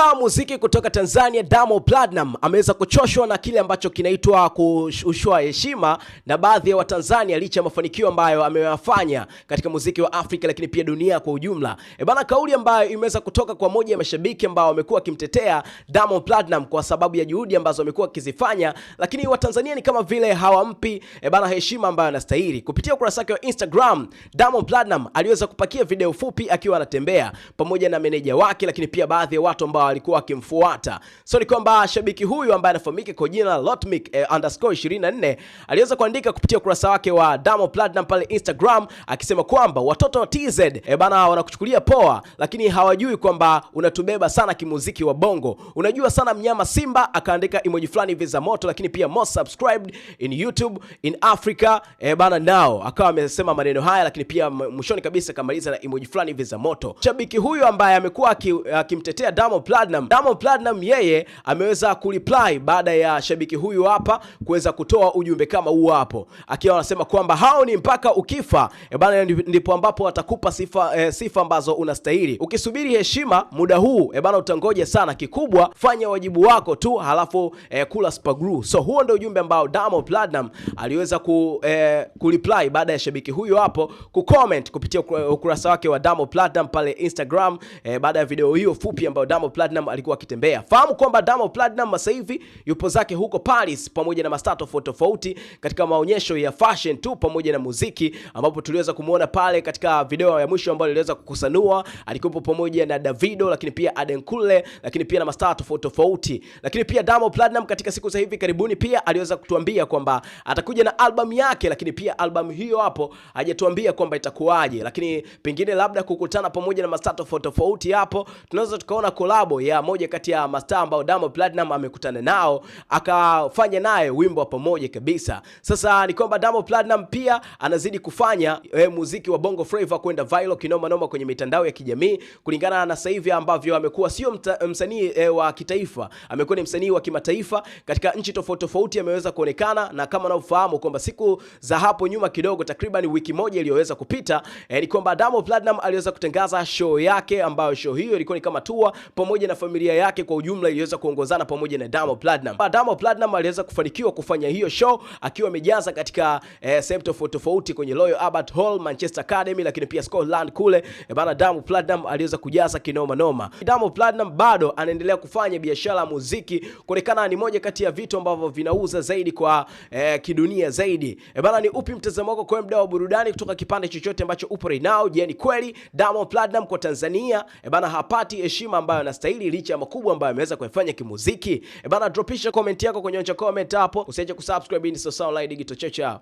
Star muziki kutoka Tanzania Damo Platinum ameweza kuchoshwa na kile ambacho kinaitwa kushushiwa heshima na baadhi ya Watanzania licha ya mafanikio ambayo ameyafanya katika muziki wa Afrika lakini pia dunia kwa ujumla. E bana, kauli ambayo imeweza kutoka kwa moja ya mashabiki ambao wamekuwa akimtetea Damo Platinum kwa sababu ya juhudi ambazo amekuwa akizifanya, lakini Watanzania ni kama vile hawampi e bana heshima ambayo anastahili. Kupitia ukurasa wake wa Instagram, Damo Platinum aliweza kupakia video fupi akiwa anatembea pamoja na meneja wake, lakini pia baadhi ya watu ambao walikuwa wakimfuata. So ni kwamba shabiki huyu ambaye anafahamika kwa jina la Lotmic eh, underscore 24 aliweza kuandika kupitia ukurasa wake wa Damo Platinum pale Instagram akisema kwamba watoto wa TZ eh, bana wanakuchukulia poa, lakini hawajui kwamba unatubeba sana kimuziki wa bongo, unajua sana mnyama Simba. Akaandika emoji fulani hivi za moto, lakini pia most subscribed in YouTube in Africa eh, bana nao akawa amesema maneno haya, lakini pia mwishoni kabisa akamaliza na emoji fulani hivi za moto. Shabiki huyu ambaye amekuwa akimtetea Damo Platinum Platinum. Diamond Platinum yeye ameweza kureply baada ya shabiki huyu hapa kuweza kutoa ujumbe kama huu hapo, akiwa anasema kwamba hao ni mpaka ukifa e bana, ndipo ambapo atakupa sifa, e, sifa ambazo unastahili. Ukisubiri heshima muda huu e bana, utangoje sana. Kikubwa fanya wajibu wako tu, halafu e, kula spagru. So huo ndio ujumbe ambao Diamond Platinum aliweza ku, e, kureply baada ya shabiki huyu hapo kucomment kupitia ukurasa wake wa Diamond Platinum pale Instagram e, baada ya video hiyo fupi ambayo Diamond Platinum Platinum alikuwa akitembea. Fahamu kwamba Diamond Platinum sasa hivi yupo zake huko Paris pamoja na mastaa tofauti tofauti katika maonyesho ya fashion tu pamoja na muziki, ambapo tuliweza kumuona pale katika video ya mwisho ambayo iliweza kukusanua, alikuwepo pamoja na Davido, lakini pia Aden Kule, lakini pia na mastaa tofauti tofauti. Lakini pia Diamond Platinum katika siku za hivi karibuni pia aliweza kutuambia kwamba atakuja na albamu yake, lakini pia albamu hiyo hapo hajatuambia kwamba itakuwaje, lakini pengine labda kukutana pamoja na mastaa tofauti tofauti, hapo tunaweza tukaona kolabo ya moja kati ya mastaa ambao Diamond Platinum amekutana nao akafanya naye wimbo pamoja kabisa. Sasa ni kwamba Diamond Platinum pia anazidi kufanya e, muziki wa Bongo Flava kwenda viral kinoma noma kwenye mitandao ya kijamii kulingana na sasa hivi ambavyo amekuwa sio msanii e, wa kitaifa, amekuwa ni msanii wa kimataifa katika nchi tofauti tofauti ameweza kuonekana, na kama unavyofahamu kwamba siku za hapo nyuma kidogo, takriban wiki moja iliyoweza kupita e, ni kwamba Diamond Platinum aliweza kutangaza show yake ambayo show hiyo ilikuwa ni kama tour pamoja na familia yake kwa ujumla iliweza kuongozana pamoja na Diamond Platnumz. Ah, Diamond Platinum aliweza kufanikiwa kufanya hiyo show akiwa amejaza katika eh, sehemu tofauti tofauti kwenye Royal Albert Hall, Manchester Academy, lakini pia Scotland kule eh, bana, Diamond Platinum aliweza kujaza kinoma noma. Diamond Platinum bado anaendelea kufanya biashara ya muziki kuonekana ni moja kati ya vitu ambavyo vinauza zaidi kwa eh, kidunia zaidi Eh, bana. Ni upi mtazamo wako kwa mdau wa burudani kutoka kipande chochote ambacho upo right now? Je, ni kweli Diamond Platinum kwa Tanzania eh, bana hapati heshima ambayo anastahili? hili licha ya makubwa ambayo ameweza kuyafanya kimuziki. E bana, dropisha comment yako kwenye onja comment hapo, usiache kusubscribe ni Sawasawa Online Digital chao.